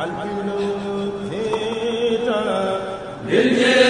قلبي لو فيتنا بالجلال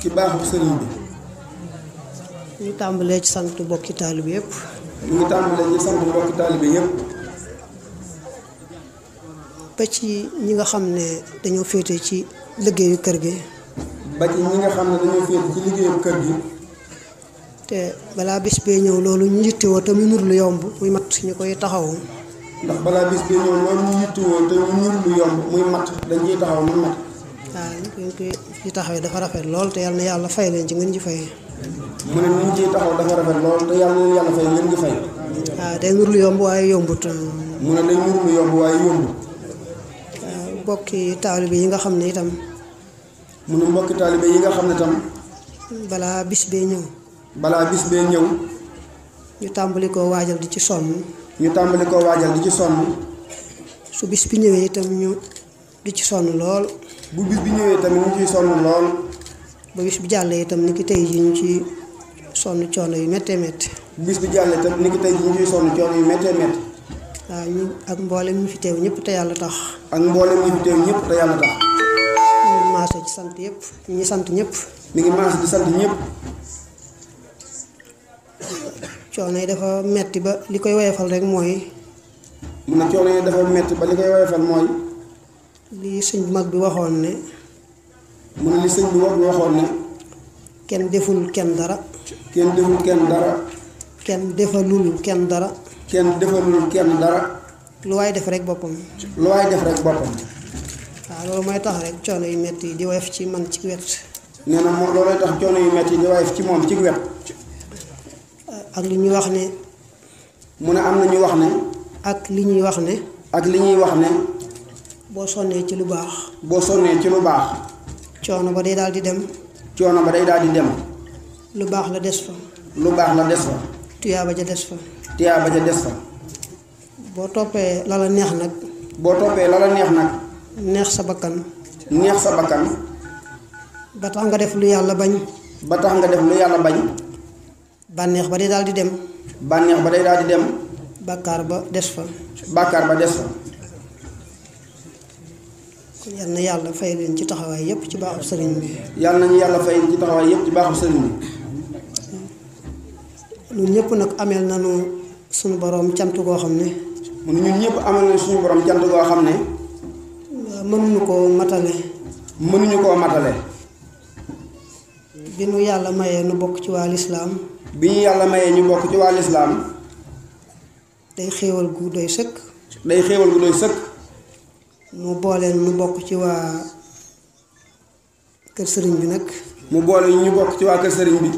ci baaxu sëriñ bi. ñu tàmbalee ci sant mbokki taalibe yépp. ñu ngi tàmbalee sant mbokki taalibe yépp. ba ci ñi nga xam ne dañoo féete ci liggéeyu kër gi. ba te balaa bis bee ñëw loolu ñu yittewoo te mu nur lu yomb muy mat ñu koy taxawu. ndax balaa bis bee ñëw loolu ñu yittewoo te mu nur yomb muy mat dañ ciy taxaw mu mat. waaw ñu koy koy ci taxawé dafa rafet lool té yalla yalla fay leen ci ngeen ji fay mu ne ñu ci taxaw dafa rafet lool té yalla ñu yalla fay ngeen ji fay ah day nuru yomb waye yombut mu ne day nuru yomb waye yombut bokki talibé yi nga xamné itam mu ne bokki talibé yi nga xamné tam balaa bis be ñew bala bis be ñew ñu tambali ko wajal di ci sonn ñu tambali ko wajal di ci sonn su bis bi ñewé itam ñu di ci sonn lool. bu bis bi ñëwee tamit ñu ciy sonn lool. ba bis bi jàllee itam ni ki tey jii ñu ci sonn coono yi méttee métti. bu bis bi jàllee itam ñu ak mboolem ñu fi teew ñëpp te yàlla tax. ak mboolem ñu fi teew ñëpp te yàlla tax. ñu ngi maasoo ci sant yëpp ñu ngi sant ñëpp. mi ngi maas di sant ñëpp. coono yi dafa metti ba li koy woyofal rek mooy. mu ne coono yi dafa metti ba li koy woyofal mooy. lii sëñ mag bi waxoon ne mu ne li sëñ bi mag bi waxoon ne kenn deful kenn dara kenn deful kenn dara kenn defalul kenn dara kenn defalul kenn dara lu waay def rek boppam lu waay def rek boppam waaw loolu mooy tax rek coono yu metti yi di woyof ci man ci wet nee na moom yu metti ci moom ci wet ak li ñuy wax ne mu ne am na ñu wax ne ak li ñuy wax ne ak li ñuy wax ne boo sonnee ci lu baax. boo sonnee ci lu baax. coono ba day daal di dem. coono ba day daal di dem. lu baax la des fa. lu baax la des fa. tuyaaba ja des fa. tuyaaba ja des fa. boo toppee la la neex nag. boo toppee la la neex nag. neex sa bakkan. neex sa bakkan. ba tax nga def lu yàlla bañ. ba tax nga def lu yàlla bañ. bànneex ba day daal di dem. bànneex ba day daal di dem. bàkkaar ba des fa. bàkkaar ba des fa. yal na yàlla fay leen ci taxawaay yépp ci baaxu sëriñ bi. yal nañu yàlla fay ci taxawaay yépp ci baaxu sëriñ bi. ñun ñëpp nag ameel nañu suñu boroom cant goo xam ne. ñëpp ameel nañu suñu boroom cant goo xam ne. mënuñu koo matale. mënuñu koo matale. bi nu yàlla mayee nu bokk ci waa lislaam. bi yàlla mayee ñu bokk ci waa lislaam. day xéewal gu doy sëkk. day xéewal gu doy sëkk. mu booleen mu bokk ci waa kër sëriñ bi nag mu boole ñu bokk ci waa kër sëriñ bi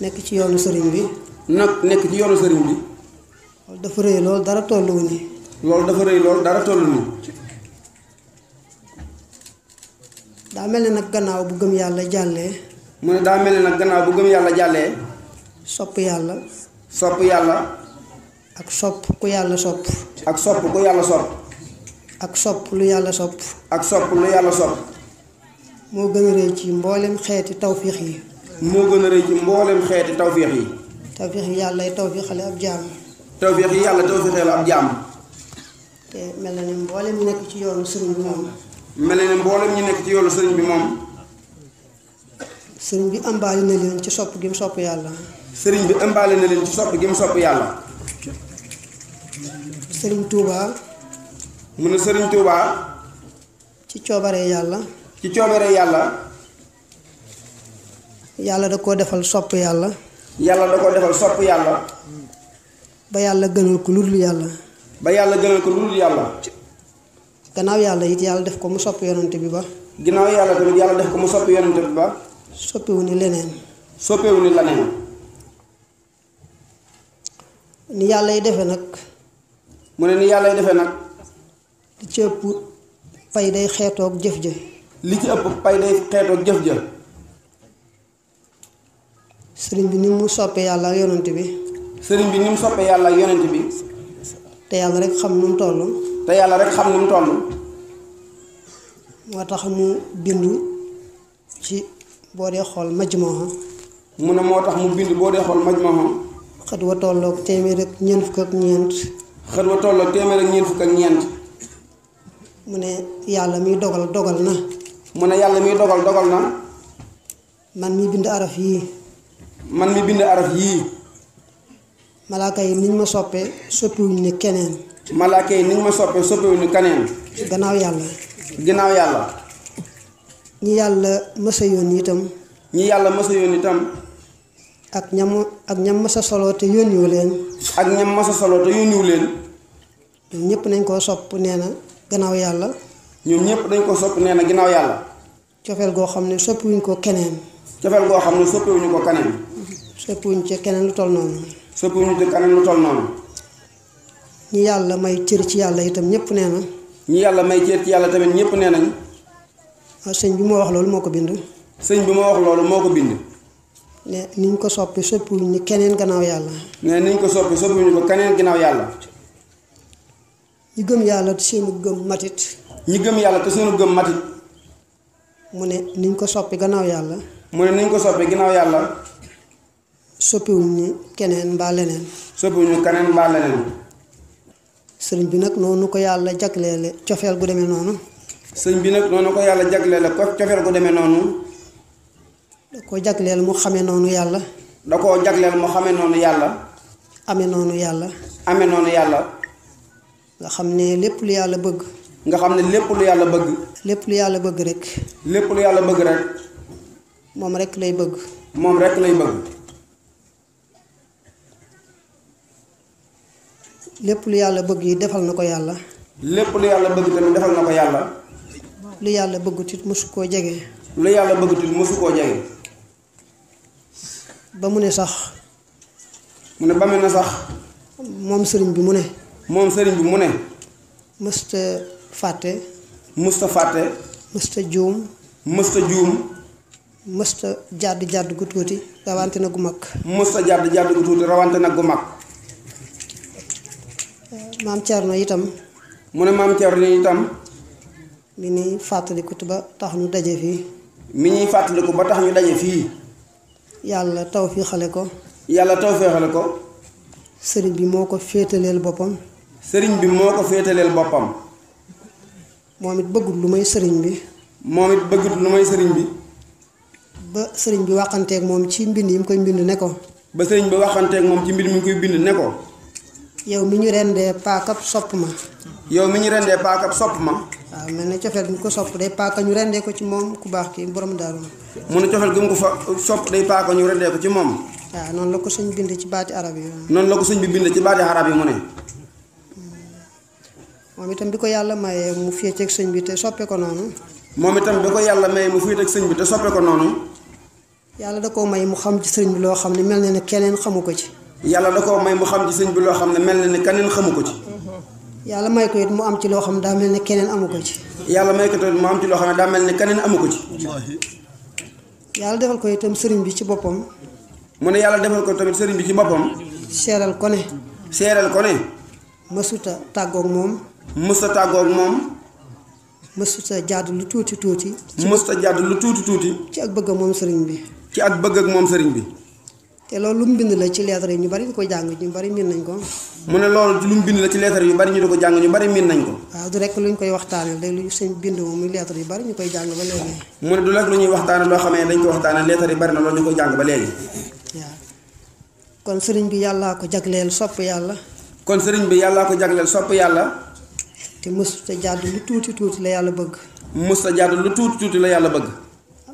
nekk ci yoonu sëriñ bi nag nekk ci yoonu sëriñ bi loolu dafa rëy loolu dara tolluwu nii loolu dafa rëy loolu dara tollu nii daa mel ne nag gannaaw bu gëm yàlla jàllee mu ne daa mel ne nag gannaaw bu gëm yàlla jàllee sopp yàlla sopp yàlla ak sopp ku yàlla sopp ak sopp ku yàlla sopp ak sopp lu yàlla sopp ak sopp lu yàlla sopp moo gën a rëy ci mbooleem xeeti tawfiix yi moo gën a rëy ci mboolem xeeti tawfiix yi tawfiix yi yàlla yi tawfiixale ab jaam tawfiix yi yàlla tawfiixale ab jàmm te mel na ni mbooleem ñu nekk ci yoonu sëriñ bi moom mel na ni mboolem yoonu sëriñ bi moom bi ëmbaale na leen ci sopp gi mu sopp yàlla sëriñ bi ëmbaale na leen ci sopp gi mu sopp yàlla sëriñ Touba. mu ne sëriñ Touba. ci coobaree yàlla. ci coobaree yàlla. yàlla da koo defal sopp yàlla. da koo defal sopp yàlla. ba yàlla gënal ko lu dul yàlla. ba yàlla gënal ko lu yàlla. gannaaw yàlla it yàlla def ko mu sopp yonent bi ba. ginnaaw yàlla tamit yàlla def ko mu sopp yonent bi ba. soppewu ni leneen. soppewu ni leneen. ni yàlla yi defee nag. mu ne ni yàlla yi defee nag. li ci ëpp pay day xeetoo jëf ja li ci ëpp pay jëf ja sëriñ bi ni mu soppee yàlla ak yonent bi sëriñ soppee yàlla ak yonent bi te yàlla rek xam nu mu toll te yàlla rek xam nu mu toll moo tax mu bindu ci boo dee xool majmuha mu ne moo tax mu bind boo dee xool majmuha xët wa tolloog ñeent fukk ak wa tolloog téeméer ak ñeent fukk ak ñeent mune yalla mi dogal dogal na mune yalla mi dogal dogal na man mi bind araf yi man mi bind araf yi malaka yi niñ ma soppé wuñ ni kenen malaka yi niñ ma soppé wuñ ni kenen gannaaw yalla gannaaw yalla ñi ma sa yoon itam ñi ma sa yoon itam ak ñam ak ñam sa solo te yu leen ak ñam sa solo te yu leen ñepp nañ ko sopp neena gannaaw yàlla ñoom ñëpp dañ ko sopp nee na ginnaaw yàlla cofeel goo xam ne soppiwuñ ko keneen cofeel goo xam ne soppiwuñu ko keneen soppiwuñ ci keneen lu tol noonu soppiwuñu ci keneen lu tol noonu ñi yàlla may cër ci yàlla itam ñëpp nee na ñi yàlla may cër ci yàlla tamit ñëpp nee nañ ah, sëñ bi ma wax loolu moo ko bind sëñ bi ma wax loolu moo ko bind ne niñ ko soppi soppiwuñ ni keneen gannaaw yàlla ne niñ ko soppi soppiwuñ ko keneen gannaaw yàlla ñi gëm yàlla te seenu gëm matit ñi gëm yàlla te seenu gëm matit mu ne niñ ko soppi gannaaw yàlla mu ne niñ ko soppi gannaaw yàlla soppiwuñu keneen mbaa leneen soppiwuñu keneen mbaa leneen sëriñ bi nag noonu ko yàlla jagleele cofeel gu demee noonu sëriñ bi nag noonu ko yàlla ko cofeel gu demee noonu da koo jagleel mu xame noonu yàlla da koo jagleel mu xame noonu yàlla ame noonu yàlla ame noonu yàlla nga xam ne lépp lu yàlla bëgg. nga xam ne lépp lu yàlla bëgg. lépp lu yàlla bëgg rek. lépp lu yàlla bëgg rek. moom rek lay bëgg. moom rek lay bëgg. lépp lu yàlla bëgg yi defal na ko yàlla. lépp lu yàlla bëgg tamit defal na ko yàlla. lu yàlla bëgg tit mosu koo jege. lu yàlla bëgg tit mosu koo jege. ba mu ne sax. mu ne ba mu ne sax. moom sëriñ bi mu ne. moom sëriñ bi mu ne. mësta fàtte. mësta fàtte. mësta juum. mësta juum. mësta jàdd jàdd gu tuuti rawante na gu mag. mësta jàdd jàdd gu tuuti gu mag. maam Thierno itam. mu ne maam Thierno itam. mi ñuy fàttaliku ba tax ñu daje fii. mi ñuy fàttaliku ba tax ñu daje fii. yàlla tawféexale ko. yàlla taw tawféexale ko. sëriñ bi moo ko féetaleel boppam. sëriñ bi moo ko féetaleel boppam. moom it bëggut lu may sëriñ bi. moom it bëggut lu may sëriñ bi. ba sëriñ bi waxanteeg moom ci mbind yi mu koy mbind ne ko. ba sëriñ bi waxanteeg moom ci mbind mi mu bind ne ko. yow mi ñu rendee paakab sopp ma. yow mi ñu rendee paakab sopp ma. waaw mel na cofeel gi mu ko sopp day paaka ñu rendee ko ci moom ku baax kii borom daaru mu ne cofeel gi mu ko fa sopp day paaka ñu rendee ko ci moom. waaw noonu la ko sëñ bind ci baati arab yi. noonu la ko sëñ bi bind ci baati arab yi moom itam bi ko yàlla mayee mu féete ak sëñ bi te soppe ko noonu. moom itam bi ko yàlla mayee mu féete ak sëñ bi te soppe ko noonu. yàlla da koo may mu xam ci sëñ bi loo xam ne mel na ne keneen xamu ko ci. yàlla da koo may mu xam ci sëñ bi loo xam ne mel na ne keneen xamu ko yàlla may it mu am ci loo xam ne daa mel ne keneen amu ci. yàlla may ko it loo xam ne daa mel ne keneen amu ko ci. yàlla defal ko itam sëriñ bi ci boppam. mu ne yàlla defal ko tamit sëriñ bi ci boppam. seeral ko ne. seeral ko ne. masuta tàggoog moom. mësta tàggoog moom mësta jàdd lu tuuti tuuti mësta jàdd lu tuuti tuuti ci ak bëgg moom sëriñ bi ci ak bëgg moom sëriñ bi te loolu lu mu ci lettre yi ñu bari di ko jàng bari miin nañ ko mu ne loolu lu bind ci lettre yu bari ñu ko jàng ñu bari miin nañ ko waaw du rek lu koy waxtaane léegi lu sëñ bind moom yu bari ñu koy jàng ba léegi mu ne lu ñuy waxtaane loo xamee dañ ko waxtaane lettre yi bari na loolu ñu koy jàng ba léegi waaw kon sëriñ bi yàllaa ko jagleel sopp yàlla kon sëriñ bi yàllaa ko jagleel sopp yàlla te mësuta jàdd lu tuuti tuuti la yàlla bëgg. mësuta jàdd lu tuuti tuuti la yàlla bëgg.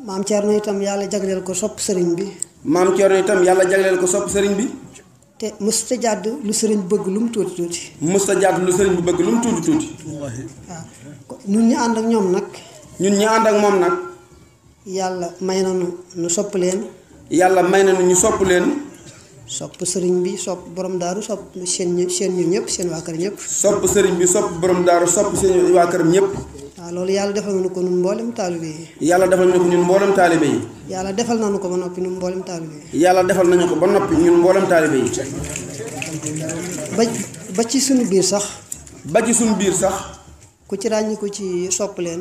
maam Thierno itam yàlla jagleel ko sopp sëriñ bi. maam Thierno itam yàlla jagleel ko sopp sëriñ bi. te mësuta jàdd lu sëriñ bëgg lu mu tuuti tuuti. mësuta jàdd lu sëriñ bi bëgg lu mu tuuti tuuti. waaw ñun ñu ànd ak ñoom nag. ñun ñu ànd ak moom nag. yàlla may na nu ñu sopp leen. yàlla may na nu ñu sopp leen. sopp sëriñ bi sopp borom daaru sopp seen seen ñun ñëpp seen waa kër ñëpp. sopp sëriñ sopp borom daaru sopp seen waa kër ñëpp. waaw loolu yàlla defal nañu ko nu mboolem taalibe yi. yàlla defal nañu ko ñun mboolem taalibe yàlla defal nañu ko ba noppi ñun mboolem taalibe yi. yàlla defal nañu ko ba noppi ñun mboolem taalibe yi. ba ba ci suñu biir sax. ba ci suñu biir sax. ku ci ràññeeku ci sopp leen.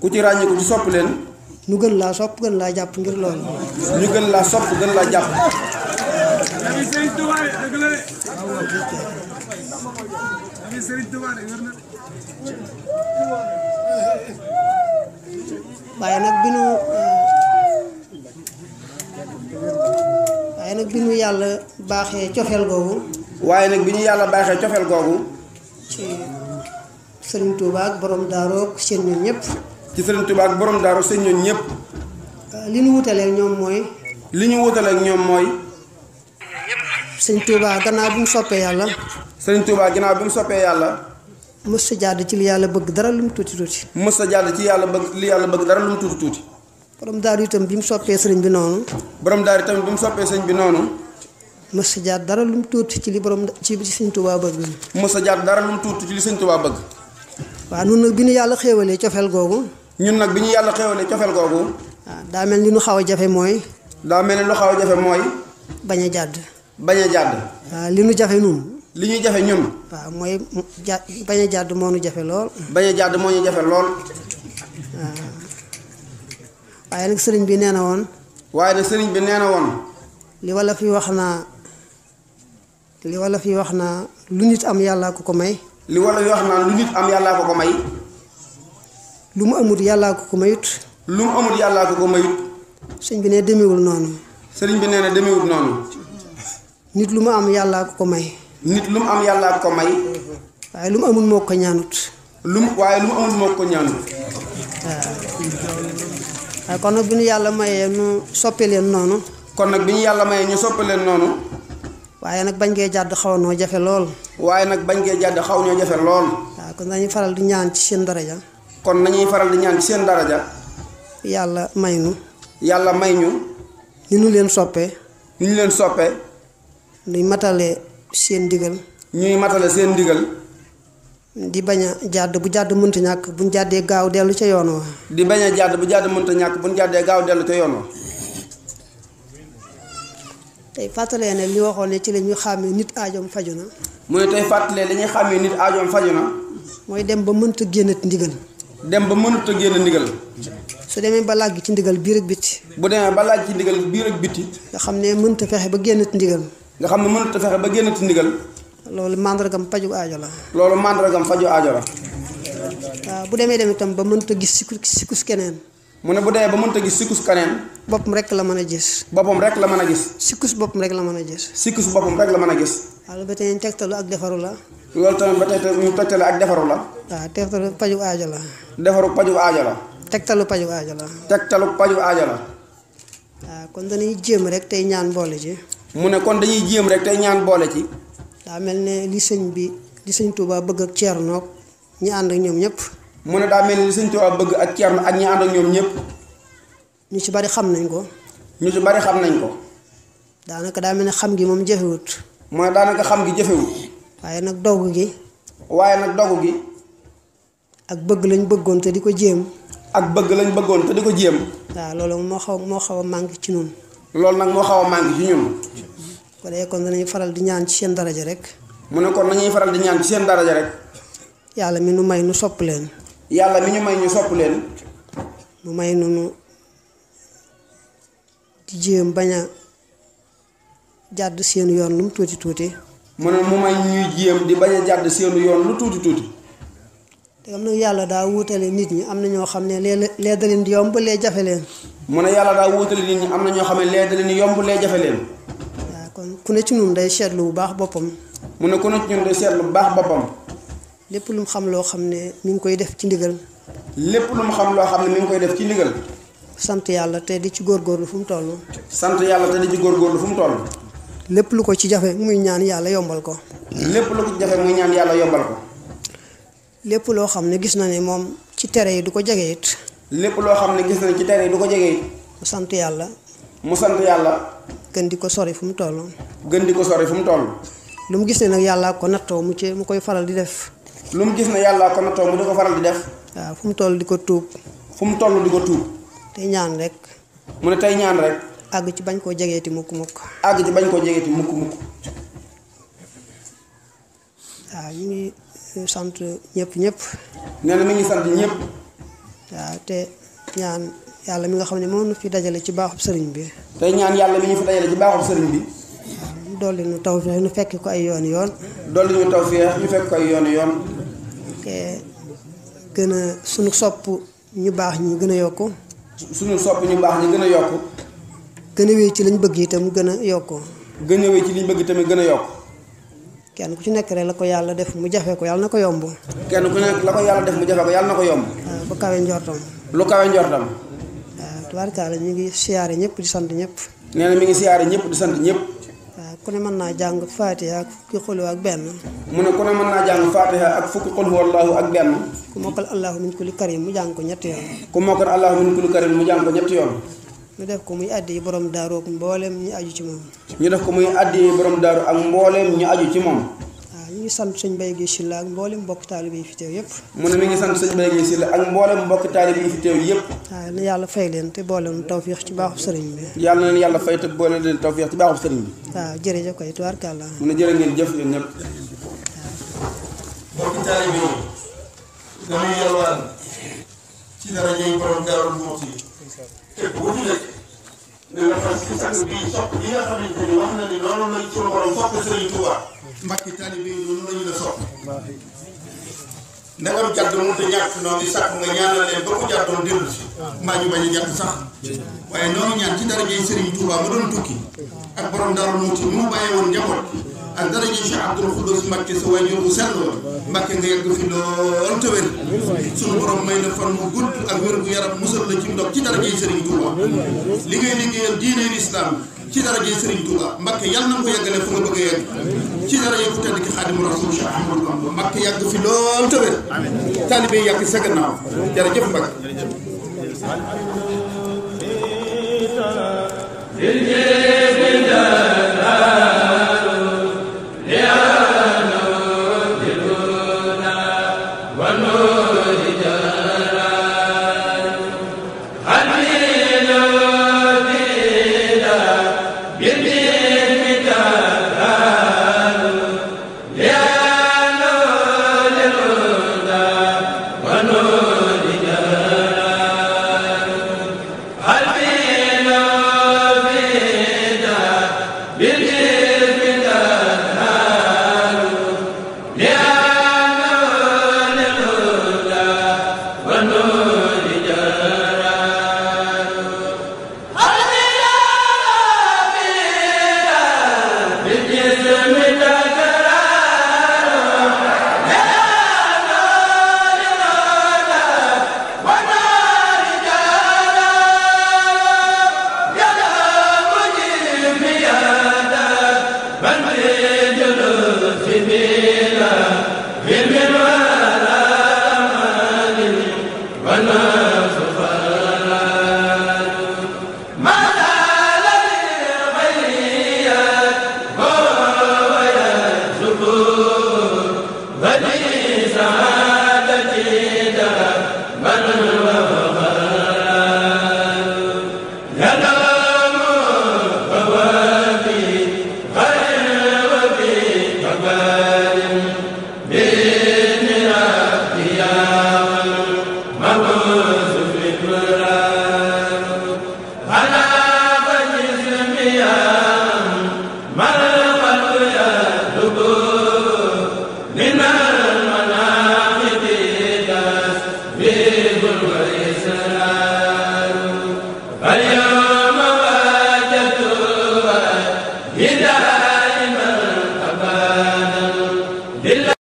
ku ci ràññeeku ci sopp leen. nu gën laa sopp gën laa jàpp ngir loolu. ñu gën laa sopp gën laa jàpp. waaye nag bi nu eh, bi yàlla baaxee cofeel googu. waaye nag bi ñu yàlla baaxee cofeel googu. ci Serigne Touba ak borom ak seen ñoom ñëpp. ci Serigne Touba ak borom seen ñoom ñëpp. Eh, li ñu wutalee ñoom mooy. li ñu wutalee ñoom mooy. sëñ Touba gannaaw bi mu soppee yàlla. sëñ Touba gannaaw bi mu soppee yàlla. mës a jàdd ci li yàlla bëgg dara lu mu tuuti tuuti. mës a jàdd ci yàlla bëgg li yàlla bëgg dara lu mu tuuti tuuti. borom daaru itam bi mu soppee sëriñ bi noonu. borom daaru itam bi mu soppee sëriñ bi noonu. mës a jàdd dara lu mu tuuti ci li borom ci li sëñ Touba bëgg. mës a jàdd dara lu mu tuuti ci li sëñ Touba bëgg. waaw ñun nag bi ñu yàlla xéewalee cofeel googu. ñun nag bi ñu yàlla xéewalee cofeel googu. waaw daa mel ni lu xaw a jafe mooy. daa mel ni lu xaw a jafe mooy. bañ a jàdd. bañ a jàdd. waaw ah, li ñu jafe ñun. li ñuy jafe ñun. waaw ah, mooy ja baña a jàdd moo ñu jafe lool. bañ a jàdd moo ñu jafe lool. waaw ah. waaye nag sëriñ bi nee na woon. waaye nag sëriñ bi nee na woon. li wala fi wax naa li wala fi wax naa lu nit am yàllaa ko ko may. li wala wax naa lu ko may. lu mu amut yàllaa ko ko mayut. lu mu amut yàllaa ko ko mayut. sëriñ bi nee demewul noonu. sëriñ bi nee na demewul noonu. nit lu mu am yàllaa ko ko may. nit lu mu am yàllaa ko may. waaye lu mu amul moo ko ñaanut. lu mu waaye ko ñaanut. kon nag bi ñu yàlla mayee ñu soppe leen noonu. kon nag bi ñu yàlla mayee ñu soppi leen noonu. waaye nag bañ ngee jàdd xaw noo jafe lool. waaye nag bañ ngee jàdd xaw ñoo jafe lool. waaw kon dañuy faral di ñaan ci seen daraja. kon nañuy faral di ñaan ci seen daraja. yàlla may ñu. yàlla may ñu. ni ñu leen soppee. ñu leen soppee. luy matale seen digal ñuy matale seen digal di baña jadd bu jadd mënta ñak buñ jaddé gaaw delu ci yoono di baña jadd bu jadd mënta ñak buñ jaddé gaaw delu ci yoono tay fatalé né li waxone ci lañu xamé nit aajom fajuna moy tay fatalé lañu xamé nit aajom fajuna moy dem ba mënta gënat ndigal dem ba mënta gëna ndigal su demé ba lag ci ndigal bi rek biti bu demé ba lag ci ndigal bi rek biti nga xamné fexé ba ndigal nga xamne mënu ta fexé ba génn ci ndigal lolu mandragam faju aajo la lolu mandragam faju aajo la bu démé dem tam ba mënu ta gis sikus kenen mu ne bu dee ba mënta gis sikus kaneen bopum rek la mëna gis bopum rek la mëna gis sikus bopum rek la mëna gis sikus bopum rek la mëna a gis waaw ba tey tegtalu ak defaru la loolu tam ba tey ñu tegtalu ak defaru la waaw tegtalu paju aajo la defaru paju aajo la tegtalu paju aajo la tegtalu paju aajo la kon dañuy jëm rek tay ñaan boole ji mu ne kon dañuy jéem rek tey ñaan boole ci. daa mel ne li sëñ bi li sëñ bëgg ak Thierno ñi ànd ak ñoom ñëpp. mu ne daa mel ne li sëñ Touba bëgg ak Thierno ak ñi ànd ak ñoom ñëpp. ñu ci bari xam nañ ko. ñu ci bari xam nañ ko. daanaka daa mel ne xam gi moom jëfewut. mu ne daanaka xam gi jëfewut. waaye nag dogu gi. waaye nag dogu gi. ak bëgg lañ bëggoon te di ko jéem. ak bëgg lañ bëggoon te di ko jéem. waaw loolu moo xaw moo xaw a manqué ci noonu. loolu nag moo xaw a manqué ci ñun. bu dee kon danañ faral di ñaan ci seen daraja rek. mu ne kon nañuy faral di ñaan ci seen daraja rek. yàlla mi nu may nu sopp leen. yàlla mi ñu may ñu sopp leen. mu may nu di jéem bañ a jàdd seen yoon lu mu tuuti tuuti. mu ne mu may ñuy jéem di bañ a jàdd seen yoon lu tuuti tuuti. te am na yàlla daa wuutale nit ñi am na ñoo xam ne lee lee da di yomb lee jafe leen. mu ne yàlla daa wuutale nit ñi am na ñoo xam ne lee da leen di yomb lee jafe leen. waaw kon ku ne ci ñun day seetlu bu baax boppam. mu ne ku ne ci ñun day seetlu bu baax boppam. lépp lu mu xam loo xam ne mi ngi koy def ci ndigal. lépp lu mu xam loo xam ne mi ngi koy def ci ndigal. sant yàlla te di ci góorgóorlu fu mu toll. sant yàlla te di ci góorgóorlu fu mu toll. lépp lu ko ci jafe muy ñaan yàlla yombal ko. lépp lu ko ci jafe yàlla yombal lepp lo xamne gis na ne mom ci téré yi duko jégué it lepp lo xamne gis na ci téré yi duko jégué mu sant yalla mu sant yalla gën di sori fu mu tollu gën diko sori fu mu tollu lu mu gis ne nak yalla ko natto mu ci mu koy faral di def lu mu gis ne yalla ko natto mu di faral di def fu mu tollu di tuup fu mu tollu di tuup tuub ñaan rek mu ne tay ñaan rek ag ci bañ jégué ti muku muku ag ci bañ ko jégué ti muku muku sant ñëpp ñëpp. nee na mi ngi sant ñëpp. waaw te ñaan yàlla mi nga xam ne moom nu fi dajale ci baaxub sëriñ bi. tey ñaan yàlla mi ñu fi dajale ci baaxub sëriñ bi. waaw dolli ñu tawfeex ñu fekk ko ay yoon yoon. dolli taw tawfeex ñu fekk ko ay yoon yoon. te gën a sunu sopp ñu baax ñu gën a yokk. sunu sopp ñu gën a wéy ci liñ bëgg itam gën a yokk. gën a wéy ci liñ bëgg itam gën a yokk. kenn ku ci nekk rek la ko yàlla def mu jafe ko yàlla na ko yomb. kenn ku nekk la ko yàlla def mu jafe ko yàlla na ko yomb. waaw ba kawe njortam. lu kawe njortam. waaw tubaarkaala mi ngi siyaare ñëpp di sant ñëpp. nee na mi ngi siyaare ñëpp di sant ñëpp. waaw ku mën naa jàng faatiha ak fukki ak benn. mu ne ku ne mën naa jàng faatiha ak fukki xolu wallaahu ak benn. ku mokkal allahu min kulli mu jàng ko ku mokkal allahu min kulli karim mu jàng ko ñetti yoon. ñu def ko muy addi borom daaro ak mboolem ñu aju ci mom ñu def ko muy addi borom daaro ak mboolem ñu aju ci mom ñu ngi sant señ bay gi silla ak mboolem mbokk taalibe yi fi teew yépp mu ne mi ngi sant señ bay gi silla ak mboolem bokk taalibe yi fi teew yépp waaw na yàlla fay leen te bolem tawfiq ci baaxu sëriñ bi na fay te ci te bu ko tuddee ne la fas ci sang bii sopp yi nga xamante ni wax na ni noonu lañ suñu borom sopp Sëriñ Tuubaa mbakki taalibe yi noonu lañu la sopp ndagam jàdd mu te ñàkk noonu di sàkk nga ñaanal leen ba ko jàddoon dellu si mbaa ñu bañ a jàdd sax waaye noonu ñaan ci dara jëy Sëriñ Tuubaa mu doon tukki ak borom Daaru Muxti mu bàyyi woon njaboot ak daraja Cheikh Abdoul Khoudous Mbacké sa waajur bu sell Mbacké nga yàgg fi lool te wér sunu borom may na fan mu gudd ak wér gu yaram musal la ci ndox ci darajay Serigne Touba li ngay liggéeyal diine l'islam ci darajay Serigne Touba Mbacké yàlla na ko yàggale fu nga bëgg a yàgg ci darajay ku tedd ki Xaadimu Rasuul Cheikh Ahmadou Bamba Mbacké yàgg fi lool te wér taalibe yi yàgg sa gannaaw jërëjëf Mbacké